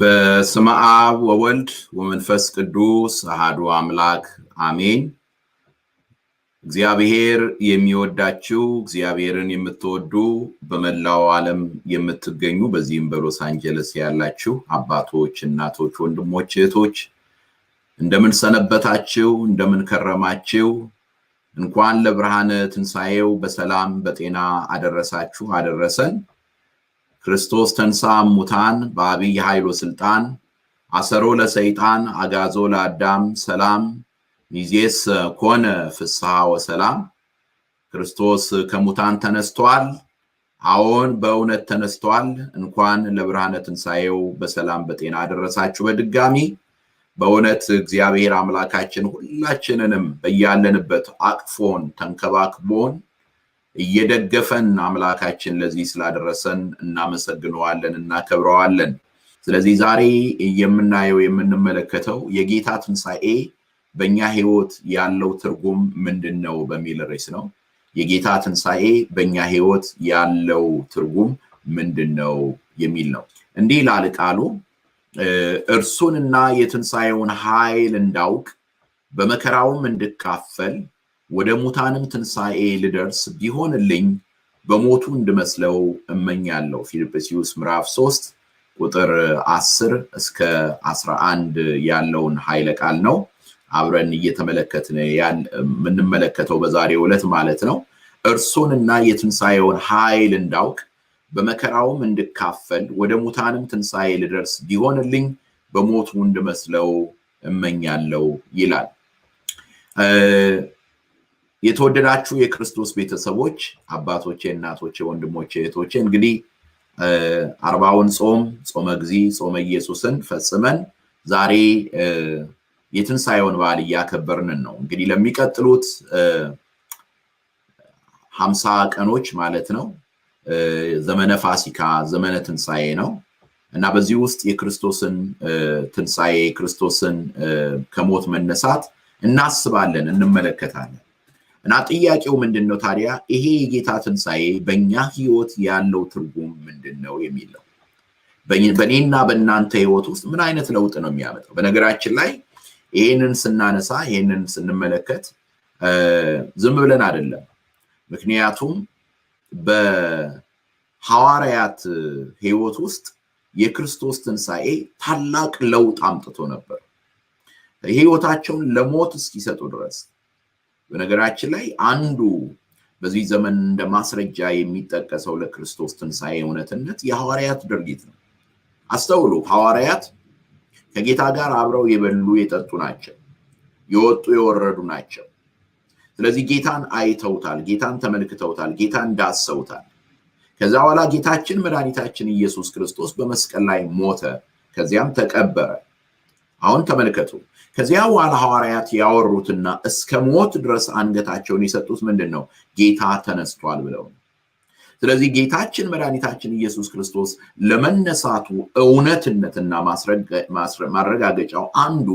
በስመ አብ ወወልድ ወመንፈስ ቅዱስ አሃዱ አምላክ አሜን። እግዚአብሔር የሚወዳችው እግዚአብሔርን የምትወዱ በመላው ዓለም የምትገኙ በዚህም በሎስ አንጀለስ ያላችሁ አባቶች፣ እናቶች፣ ወንድሞች፣ እህቶች እንደምን ሰነበታችሁ? እንደምን ከረማችሁ? እንኳን ለብርሃነ ትንሣኤው በሰላም በጤና አደረሳችሁ አደረሰን። ክርስቶስ ተንሳ ሙታን በአብይ ኃይሎ ስልጣን አሰሮ ለሰይጣን አጋዞ ለአዳም ሰላም ሚዜስ ኮነ ፍስሐ ወሰላም። ክርስቶስ ከሙታን ተነስቷል። አዎን በእውነት ተነስቷል። እንኳን ለብርሃነ ትንሣኤው በሰላም በጤና አደረሳችሁ። በድጋሚ በእውነት እግዚአብሔር አምላካችን ሁላችንንም በያለንበት አቅፎን ተንከባክቦን እየደገፈን አምላካችን ለዚህ ስላደረሰን እናመሰግነዋለን፣ እናከብረዋለን። ስለዚህ ዛሬ የምናየው የምንመለከተው የጌታ ትንሣኤ በእኛ ሕይወት ያለው ትርጉም ምንድን ነው በሚል ርዕስ ነው። የጌታ ትንሣኤ በእኛ ሕይወት ያለው ትርጉም ምንድን ነው የሚል ነው። እንዲህ ይላል ቃሉ እርሱንና የትንሣኤውን ኃይል እንዳውቅ በመከራውም እንድካፈል ወደ ሙታንም ትንሣኤ ልደርስ ቢሆንልኝ በሞቱ እንድመስለው እመኛለሁ። ፊልጵስዩስ ምዕራፍ ሶስት ቁጥር 10 እስከ 11 ያለውን ኃይለ ቃል ነው አብረን እየተመለከትን የምንመለከተው በዛሬው ዕለት ማለት ነው። እርሱንና የትንሣኤውን ኃይል እንዳውቅ በመከራውም እንድካፈል ወደ ሙታንም ትንሣኤ ልደርስ ቢሆንልኝ በሞቱ እንድመስለው እመኛለሁ ይላል። የተወደዳችሁ የክርስቶስ ቤተሰቦች አባቶቼ፣ እናቶቼ፣ ወንድሞቼ፣ እህቶቼ እንግዲህ አርባውን ጾም ጾመ ጊዜ ጾመ ኢየሱስን ፈጽመን ዛሬ የትንሣኤውን በዓል እያከበርንን ነው። እንግዲህ ለሚቀጥሉት ሀምሳ ቀኖች ማለት ነው ዘመነ ፋሲካ ዘመነ ትንሣኤ ነው እና በዚህ ውስጥ የክርስቶስን ትንሣኤ የክርስቶስን ከሞት መነሳት እናስባለን፣ እንመለከታለን። እና ጥያቄው ምንድን ነው ታዲያ? ይሄ የጌታ ትንሣኤ በእኛ ህይወት ያለው ትርጉም ምንድን ነው የሚል ነው። በእኔና በእናንተ ህይወት ውስጥ ምን አይነት ለውጥ ነው የሚያመጣው? በነገራችን ላይ ይህንን ስናነሳ ይህንን ስንመለከት ዝም ብለን አይደለም። ምክንያቱም በሐዋርያት ህይወት ውስጥ የክርስቶስ ትንሣኤ ታላቅ ለውጥ አምጥቶ ነበር፣ ህይወታቸውን ለሞት እስኪሰጡ ድረስ በነገራችን ላይ አንዱ በዚህ ዘመን እንደ ማስረጃ የሚጠቀሰው ለክርስቶስ ትንሣኤ እውነትነት የሐዋርያት ድርጊት ነው። አስተውሉ። ሐዋርያት ከጌታ ጋር አብረው የበሉ የጠጡ ናቸው፣ የወጡ የወረዱ ናቸው። ስለዚህ ጌታን አይተውታል፣ ጌታን ተመልክተውታል፣ ጌታን ዳሰውታል። ከዛ በኋላ ጌታችን መድኃኒታችን ኢየሱስ ክርስቶስ በመስቀል ላይ ሞተ፣ ከዚያም ተቀበረ። አሁን ተመልከቱ። ከዚያ በኋላ ሐዋርያት ያወሩትና እስከ ሞት ድረስ አንገታቸውን የሰጡት ምንድን ነው? ጌታ ተነስቷል ብለው ነው። ስለዚህ ጌታችን መድኃኒታችን ኢየሱስ ክርስቶስ ለመነሳቱ እውነትነትና ማረጋገጫው አንዱ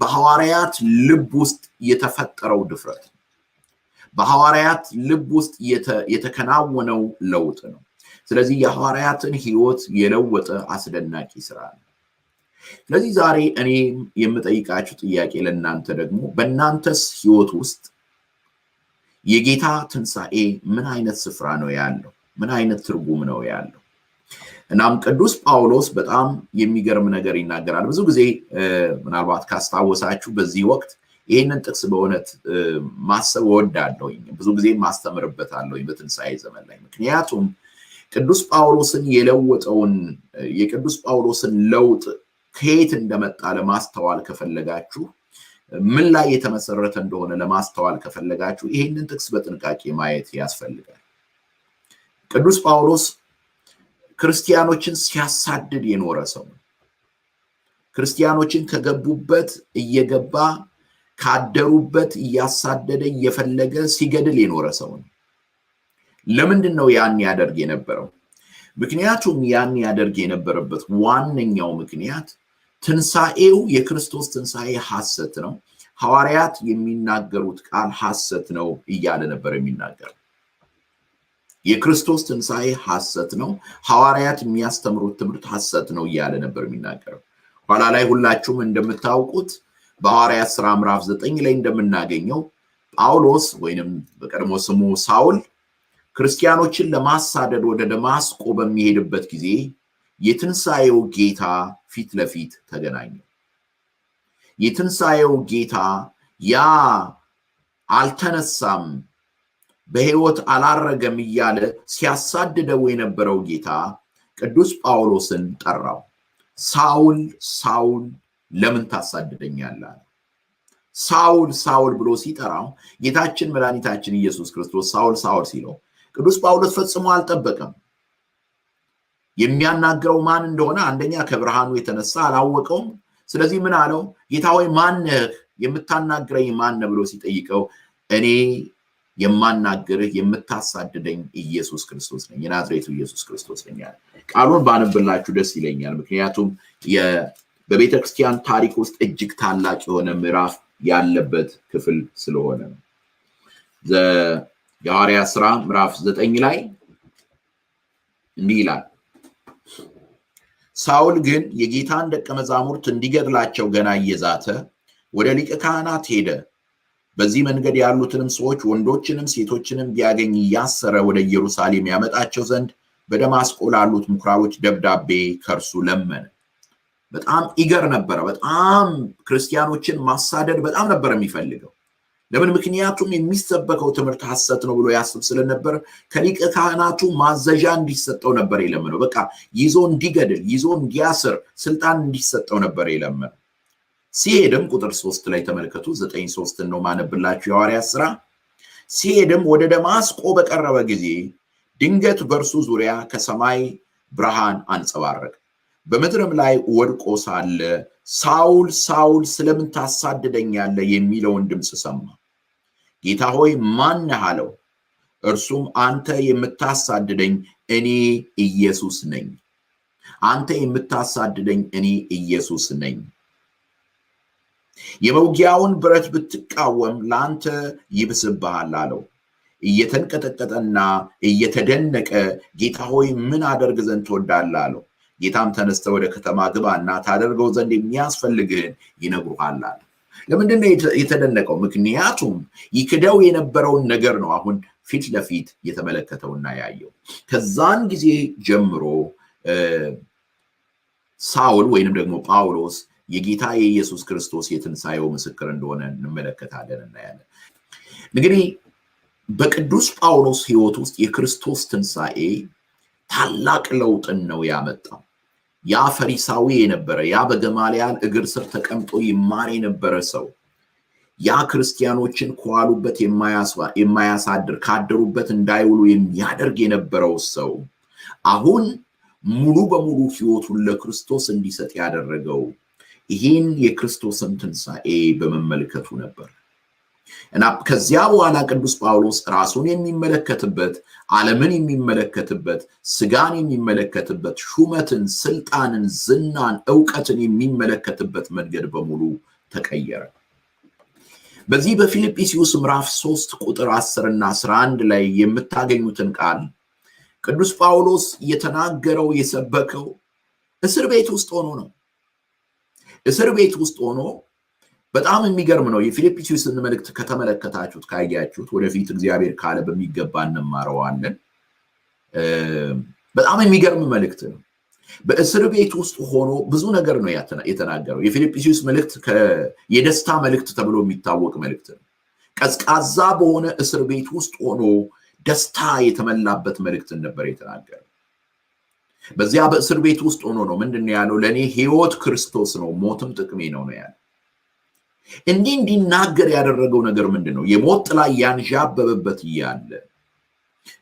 በሐዋርያት ልብ ውስጥ የተፈጠረው ድፍረት በሐዋርያት ልብ ውስጥ የተከናወነው ለውጥ ነው። ስለዚህ የሐዋርያትን ሕይወት የለወጠ አስደናቂ ስራ ነው። ስለዚህ ዛሬ እኔ የምጠይቃችሁ ጥያቄ ለእናንተ ደግሞ በእናንተስ ህይወት ውስጥ የጌታ ትንሣኤ ምን አይነት ስፍራ ነው ያለው? ምን አይነት ትርጉም ነው ያለው? እናም ቅዱስ ጳውሎስ በጣም የሚገርም ነገር ይናገራል። ብዙ ጊዜ ምናልባት ካስታወሳችሁ በዚህ ወቅት ይህንን ጥቅስ በእውነት ማሰብ እወዳለሁኝ። ብዙ ጊዜ ማስተምርበታለሁኝ በትንሣኤ ዘመን ላይ ምክንያቱም ቅዱስ ጳውሎስን የለወጠውን የቅዱስ ጳውሎስን ለውጥ ከየት እንደመጣ ለማስተዋል ከፈለጋችሁ ምን ላይ የተመሰረተ እንደሆነ ለማስተዋል ከፈለጋችሁ ይህንን ጥቅስ በጥንቃቄ ማየት ያስፈልጋል። ቅዱስ ጳውሎስ ክርስቲያኖችን ሲያሳድድ የኖረ ሰው ነው። ክርስቲያኖችን ከገቡበት እየገባ ካደሩበት እያሳደደ እየፈለገ ሲገድል የኖረ ሰው ነው። ለምንድን ነው ያን ያደርግ የነበረው? ምክንያቱም ያን ያደርግ የነበረበት ዋነኛው ምክንያት ትንሣኤው የክርስቶስ ትንሣኤ ሐሰት ነው፣ ሐዋርያት የሚናገሩት ቃል ሐሰት ነው እያለ ነበር የሚናገር። የክርስቶስ ትንሣኤ ሐሰት ነው፣ ሐዋርያት የሚያስተምሩት ትምህርት ሐሰት ነው እያለ ነበር የሚናገረው። ኋላ ላይ ሁላችሁም እንደምታውቁት በሐዋርያት ሥራ ምዕራፍ ዘጠኝ ላይ እንደምናገኘው ጳውሎስ ወይንም በቀድሞ ስሙ ሳውል ክርስቲያኖችን ለማሳደድ ወደ ደማስቆ በሚሄድበት ጊዜ የትንሣኤው ጌታ ፊት ለፊት ተገናኙ። የትንሣኤው ጌታ ያ አልተነሳም በሕይወት አላረገም እያለ ሲያሳድደው የነበረው ጌታ ቅዱስ ጳውሎስን ጠራው። ሳውል ሳውል ለምን ታሳድደኛለህ? ሳውል ሳውል ብሎ ሲጠራው ጌታችን መድኃኒታችን ኢየሱስ ክርስቶስ ሳውል ሳውል ሲለው ቅዱስ ጳውሎስ ፈጽሞ አልጠበቀም። የሚያናግረው ማን እንደሆነ አንደኛ ከብርሃኑ የተነሳ አላወቀውም። ስለዚህ ምን አለው? ጌታ ሆይ ማነህ? የምታናግረኝ ማነ ብሎ ሲጠይቀው እኔ የማናግርህ የምታሳድደኝ ኢየሱስ ክርስቶስ ነኝ፣ የናዝሬቱ ኢየሱስ ክርስቶስ ነኝ ቃሉን ባነብላችሁ ደስ ይለኛል። ምክንያቱም በቤተ ክርስቲያን ታሪክ ውስጥ እጅግ ታላቅ የሆነ ምዕራፍ ያለበት ክፍል ስለሆነ የሐዋርያ ስራ ምዕራፍ ዘጠኝ ላይ እንዲህ ይላል ሳውል ግን የጌታን ደቀ መዛሙርት እንዲገድላቸው ገና እየዛተ ወደ ሊቀ ካህናት ሄደ። በዚህ መንገድ ያሉትንም ሰዎች ወንዶችንም ሴቶችንም ቢያገኝ እያሰረ ወደ ኢየሩሳሌም ያመጣቸው ዘንድ በደማስቆ ላሉት ምኩራቦች ደብዳቤ ከእርሱ ለመነ። በጣም ኢገር ነበረ። በጣም ክርስቲያኖችን ማሳደድ በጣም ነበር የሚፈልገው። ለምን? ምክንያቱም የሚሰበከው ትምህርት ሐሰት ነው ብሎ ያስብ ስለነበር ከሊቀ ካህናቱ ማዘዣ እንዲሰጠው ነበር የለመነው። በቃ ይዞ እንዲገድል፣ ይዞ እንዲያስር ስልጣን እንዲሰጠው ነበር የለመነው። ሲሄድም ቁጥር ሶስት ላይ ተመልከቱ። ዘጠኝ ሶስትን ነው ማነብላችሁ የሐዋርያት ስራ። ሲሄድም ወደ ደማስቆ በቀረበ ጊዜ ድንገት በእርሱ ዙሪያ ከሰማይ ብርሃን አንጸባረቀ፣ በምድርም ላይ ወድቆ ሳለ ሳውል ሳውል ስለምን ታሳድደኛለህ የሚለውን ድምፅ ሰማ። ጌታ ሆይ ማነህ አለው። እርሱም አንተ የምታሳድደኝ እኔ ኢየሱስ ነኝ። አንተ የምታሳድደኝ እኔ ኢየሱስ ነኝ። የመውጊያውን ብረት ብትቃወም ለአንተ ይብስብሃል አለው። እየተንቀጠቀጠና እየተደነቀ ጌታ ሆይ ምን አደርግ ዘንድ ትወዳለህ አለው። ጌታም ተነስተ ወደ ከተማ እና ታደርገው ዘንድ የሚያስፈልግህን ይነግሩሃል አለ። ለምንድን ነው የተደነቀው? ምክንያቱም ይክደው የነበረውን ነገር ነው አሁን ፊት ለፊት የተመለከተውና ያየው። ከዛን ጊዜ ጀምሮ ሳውል ወይንም ደግሞ ጳውሎስ የጌታ የኢየሱስ ክርስቶስ የትንሣኤው ምስክር እንደሆነ እንመለከታለን፣ እናያለን። እንግዲህ በቅዱስ ጳውሎስ ሕይወት ውስጥ የክርስቶስ ትንሣኤ ታላቅ ለውጥን ነው ያመጣው። ያ ፈሪሳዊ የነበረ ያ በገማልያል እግር ስር ተቀምጦ ይማር የነበረ ሰው ያ ክርስቲያኖችን ከዋሉበት የማያሳድር ካደሩበት እንዳይውሉ የሚያደርግ የነበረው ሰው አሁን ሙሉ በሙሉ ህይወቱን ለክርስቶስ እንዲሰጥ ያደረገው ይህን የክርስቶስን ትንሣኤ በመመልከቱ ነበር። እና ከዚያ በኋላ ቅዱስ ጳውሎስ ራሱን የሚመለከትበት ዓለምን የሚመለከትበት ስጋን የሚመለከትበት ሹመትን፣ ስልጣንን፣ ዝናን፣ እውቀትን የሚመለከትበት መንገድ በሙሉ ተቀየረ። በዚህ በፊልጵስዩስ ምዕራፍ ሶስት ቁጥር አስር እና አስራ አንድ ላይ የምታገኙትን ቃል ቅዱስ ጳውሎስ የተናገረው የሰበከው እስር ቤት ውስጥ ሆኖ ነው። እስር ቤት ውስጥ ሆኖ በጣም የሚገርም ነው። የፊልጵስዩስን መልእክት ከተመለከታችሁት ካያችሁት፣ ወደፊት እግዚአብሔር ካለ በሚገባ እንማረዋለን። በጣም የሚገርም መልእክት ነው። በእስር ቤት ውስጥ ሆኖ ብዙ ነገር ነው የተናገረው። የፊልጵስዩስ መልእክት የደስታ መልእክት ተብሎ የሚታወቅ መልእክት ነው። ቀዝቃዛ በሆነ እስር ቤት ውስጥ ሆኖ ደስታ የተመላበት መልእክትን ነበር የተናገረ በዚያ በእስር ቤት ውስጥ ሆኖ ነው ምንድን ነው ያለው? ለእኔ ህይወት ክርስቶስ ነው፣ ሞትም ጥቅሜ ነው ነው ያለው። እንዲህ እንዲናገር ያደረገው ነገር ምንድን ነው? የሞት ጥላ ያንዣበበበት እያለ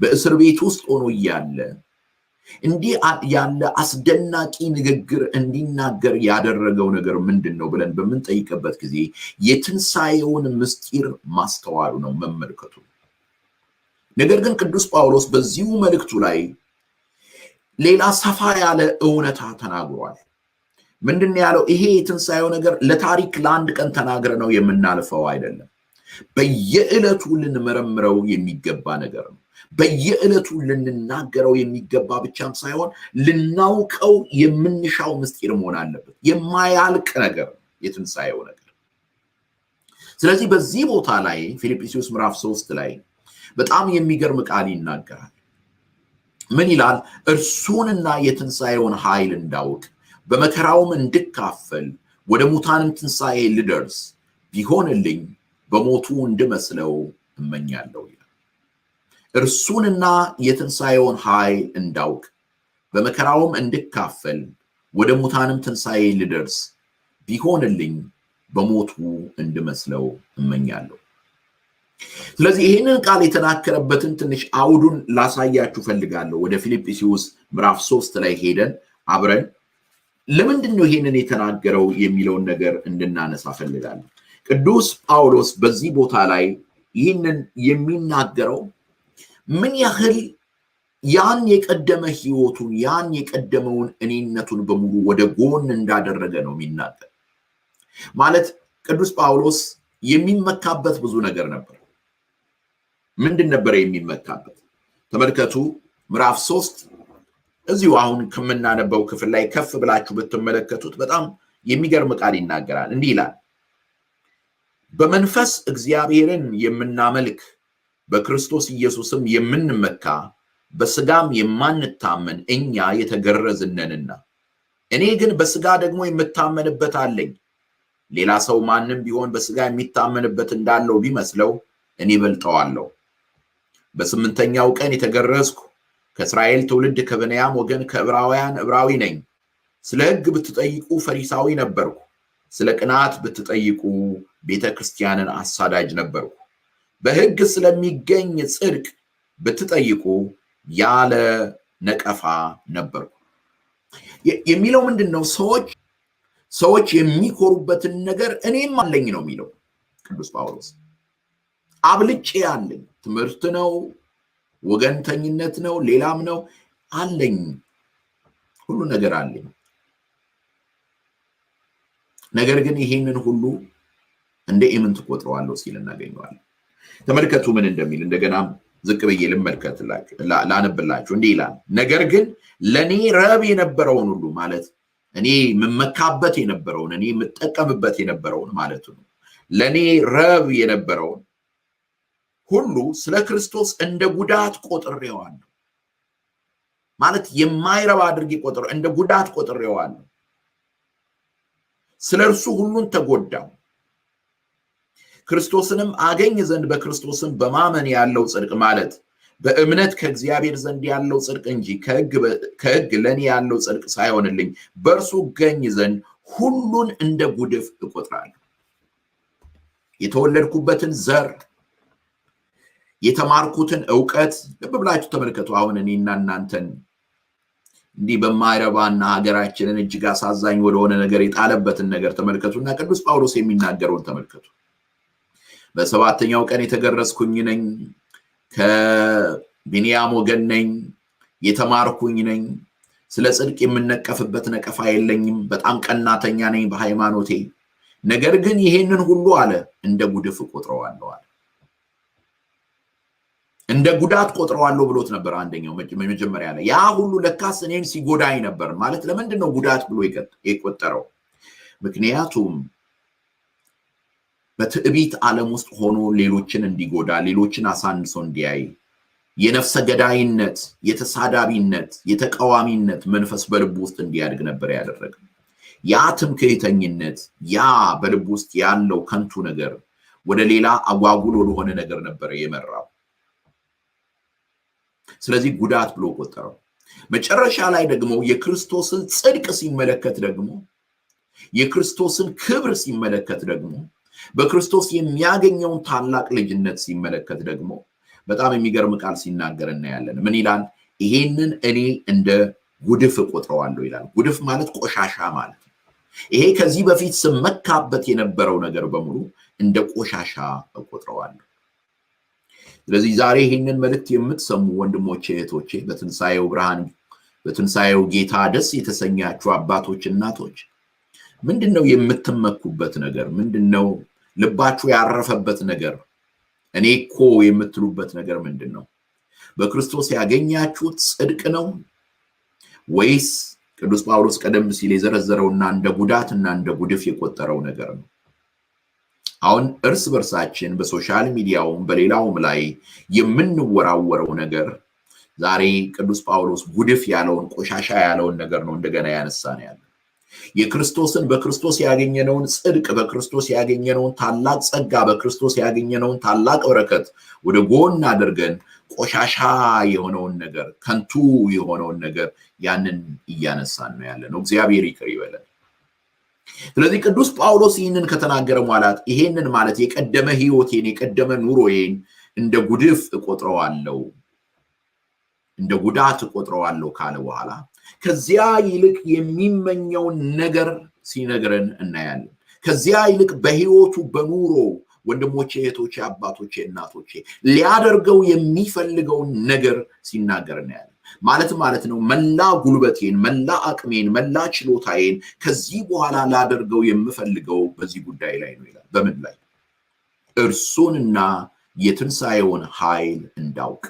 በእስር ቤት ውስጥ ሆኖ እያለ እንዲህ ያለ አስደናቂ ንግግር እንዲናገር ያደረገው ነገር ምንድን ነው ብለን በምንጠይቅበት ጊዜ የትንሣኤውን ምስጢር ማስተዋሉ ነው፣ መመልከቱ። ነገር ግን ቅዱስ ጳውሎስ በዚሁ መልእክቱ ላይ ሌላ ሰፋ ያለ እውነታ ተናግሯል። ምንድን ያለው? ይሄ የትንሣኤው ነገር ለታሪክ ለአንድ ቀን ተናግረ ነው የምናልፈው አይደለም። በየዕለቱ ልንመረምረው የሚገባ ነገር ነው። በየዕለቱ ልንናገረው የሚገባ ብቻም ሳይሆን ልናውቀው የምንሻው ምስጢር መሆን አለበት። የማያልቅ ነገር ነው የትንሣኤው ነገር። ስለዚህ በዚህ ቦታ ላይ ፊልጵስዩስ ምዕራፍ ሶስት ላይ በጣም የሚገርም ቃል ይናገራል። ምን ይላል? እርሱንና የትንሣኤውን ኃይል እንዳውቅ በመከራውም እንድካፈል ወደ ሙታንም ትንሣኤ ልደርስ ቢሆንልኝ በሞቱ እንድመስለው እመኛለሁ ይላል። እርሱንና የትንሣኤውን ኃይል እንዳውቅ በመከራውም እንድካፈል ወደ ሙታንም ትንሣኤ ልደርስ ቢሆንልኝ በሞቱ እንድመስለው እመኛለሁ። ስለዚህ ይህንን ቃል የተናከረበትን ትንሽ አውዱን ላሳያችሁ ፈልጋለሁ። ወደ ፊልጵስዩስ ምዕራፍ ሶስት ላይ ሄደን አብረን ለምንድን ነው ይሄንን የተናገረው የሚለውን ነገር እንድናነሳ ፈልጋለሁ። ቅዱስ ጳውሎስ በዚህ ቦታ ላይ ይህንን የሚናገረው ምን ያህል ያን የቀደመ ህይወቱን ያን የቀደመውን እኔነቱን በሙሉ ወደ ጎን እንዳደረገ ነው የሚናገር። ማለት ቅዱስ ጳውሎስ የሚመካበት ብዙ ነገር ነበር። ምንድን ነበረ የሚመካበት? ተመልከቱ ምዕራፍ ሶስት እዚሁ አሁን ከምናነበው ክፍል ላይ ከፍ ብላችሁ ብትመለከቱት በጣም የሚገርም ቃል ይናገራል። እንዲህ ይላል፣ በመንፈስ እግዚአብሔርን የምናመልክ በክርስቶስ ኢየሱስም የምንመካ በስጋም የማንታመን እኛ የተገረዝነንና፣ እኔ ግን በስጋ ደግሞ የምታመንበት አለኝ። ሌላ ሰው ማንም ቢሆን በስጋ የሚታመንበት እንዳለው ቢመስለው እኔ በልጠዋለሁ። በስምንተኛው ቀን የተገረዝኩ ከእስራኤል ትውልድ ከብንያም ወገን ከዕብራውያን ዕብራዊ ነኝ። ስለ ሕግ ብትጠይቁ ፈሪሳዊ ነበርኩ። ስለ ቅናት ብትጠይቁ ቤተ ክርስቲያንን አሳዳጅ ነበርኩ። በሕግ ስለሚገኝ ጽድቅ ብትጠይቁ ያለ ነቀፋ ነበርኩ የሚለው ምንድን ነው? ሰዎች ሰዎች የሚኮሩበትን ነገር እኔም አለኝ ነው የሚለው ቅዱስ ጳውሎስ። አብልጬ አለኝ ትምህርት ነው ወገንተኝነት ነው፣ ሌላም ነው። አለኝ፣ ሁሉ ነገር አለኝ። ነገር ግን ይሄንን ሁሉ እንደ ኢምን ትቆጥረዋለሁ ሲል እናገኘዋለን። ተመልከቱ ምን እንደሚል እንደገና ዝቅ ብዬ ልመልከት ላነብላችሁ። እንዲህ ይላል፣ ነገር ግን ለእኔ ረብ የነበረውን ሁሉ ማለት እኔ የምመካበት የነበረውን እኔ የምጠቀምበት የነበረውን ማለት ነው። ለእኔ ረብ የነበረውን ሁሉ ስለ ክርስቶስ እንደ ጉዳት ቆጥሬዋለሁ። ማለት የማይረባ አድርጌ ቆጥሬ እንደ ጉዳት ቆጥሬዋለሁ። ስለ እርሱ ሁሉን ተጎዳው፣ ክርስቶስንም አገኝ ዘንድ በክርስቶስን በማመን ያለው ጽድቅ ማለት በእምነት ከእግዚአብሔር ዘንድ ያለው ጽድቅ እንጂ ከሕግ ለእኔ ያለው ጽድቅ ሳይሆንልኝ በእርሱ ገኝ ዘንድ ሁሉን እንደ ጉድፍ እቆጥራለሁ። የተወለድኩበትን ዘር የተማርኩትን እውቀት ልብ ብላችሁ ተመልከቱ። አሁን እኔና እናንተን እንዲህ በማይረባና ሀገራችንን እጅግ አሳዛኝ ወደሆነ ነገር የጣለበትን ነገር ተመልከቱና ቅዱስ ጳውሎስ የሚናገረውን ተመልከቱ። በሰባተኛው ቀን የተገረዝኩኝ ነኝ፣ ከቢንያም ወገን ነኝ፣ የተማርኩኝ ነኝ፣ ስለ ጽድቅ የምነቀፍበት ነቀፋ የለኝም፣ በጣም ቀናተኛ ነኝ በሃይማኖቴ። ነገር ግን ይሄንን ሁሉ አለ እንደ ጉድፍ እቆጥረዋለሁ አለ እንደ ጉዳት ቆጥረዋለሁ ብሎት ነበር። አንደኛው መጀመሪያ ላይ ያ ሁሉ ለካስ እኔን ሲጎዳኝ ነበር ማለት ለምንድን ነው ጉዳት ብሎ የቆጠረው? ምክንያቱም በትዕቢት ዓለም ውስጥ ሆኖ ሌሎችን እንዲጎዳ ሌሎችን አሳንሶ እንዲያይ የነፍሰ ገዳይነት፣ የተሳዳቢነት፣ የተቃዋሚነት መንፈስ በልብ ውስጥ እንዲያድግ ነበር ያደረገ። ያ ትምክህተኝነት፣ ያ በልብ ውስጥ ያለው ከንቱ ነገር ወደ ሌላ አጓጉል ወደሆነ ነገር ነበር የመራው። ስለዚህ ጉዳት ብሎ ቆጠረው። መጨረሻ ላይ ደግሞ የክርስቶስን ጽድቅ ሲመለከት ደግሞ የክርስቶስን ክብር ሲመለከት ደግሞ በክርስቶስ የሚያገኘውን ታላቅ ልጅነት ሲመለከት ደግሞ በጣም የሚገርም ቃል ሲናገር እናያለን። ምን ይላል? ይሄንን እኔ እንደ ጉድፍ እቆጥረዋለሁ ይላል። ጉድፍ ማለት ቆሻሻ ማለት ነው። ይሄ ከዚህ በፊት ስመካበት የነበረው ነገር በሙሉ እንደ ቆሻሻ እቆጥረዋለሁ። ስለዚህ ዛሬ ይህንን መልእክት የምትሰሙ ወንድሞቼ እህቶቼ፣ በትንሣኤው ብርሃን በትንሣኤው ጌታ ደስ የተሰኛችሁ አባቶች እናቶች፣ ምንድን ነው የምትመኩበት ነገር? ምንድን ነው ልባችሁ ያረፈበት ነገር? እኔ እኮ የምትሉበት ነገር ምንድን ነው? በክርስቶስ ያገኛችሁት ጽድቅ ነው ወይስ ቅዱስ ጳውሎስ ቀደም ሲል የዘረዘረውና እንደ ጉዳትና እንደ ጉድፍ የቆጠረው ነገር ነው? አሁን እርስ በርሳችን በሶሻል ሚዲያውም በሌላውም ላይ የምንወራወረው ነገር ዛሬ ቅዱስ ጳውሎስ ጉድፍ ያለውን ቆሻሻ ያለውን ነገር ነው እንደገና ያነሳ ነው ያለ። የክርስቶስን በክርስቶስ ያገኘነውን ጽድቅ፣ በክርስቶስ ያገኘነውን ታላቅ ጸጋ፣ በክርስቶስ ያገኘነውን ታላቅ በረከት ወደ ጎን አድርገን ቆሻሻ የሆነውን ነገር፣ ከንቱ የሆነውን ነገር ያንን እያነሳን ነው ያለ ነው። እግዚአብሔር ይቅር ይበለን። ስለዚህ ቅዱስ ጳውሎስ ይህንን ከተናገረ በኋላት ይሄንን ማለት የቀደመ ህይወቴን የቀደመ ኑሮዬን እንደ ጉድፍ እቆጥረዋለሁ እንደ ጉዳት እቆጥረዋለሁ ካለ በኋላ ከዚያ ይልቅ የሚመኘውን ነገር ሲነግረን እናያለን። ከዚያ ይልቅ በህይወቱ በኑሮ ወንድሞቼ፣ እህቶቼ፣ አባቶቼ፣ እናቶቼ ሊያደርገው የሚፈልገውን ነገር ሲናገር እናያለን። ማለት ማለት ነው መላ ጉልበቴን፣ መላ አቅሜን፣ መላ ችሎታዬን ከዚህ በኋላ ላደርገው የምፈልገው በዚህ ጉዳይ ላይ ነው ይላል። በምን ላይ? እርሱንና የትንሣኤውን ኃይል እንዳውቅ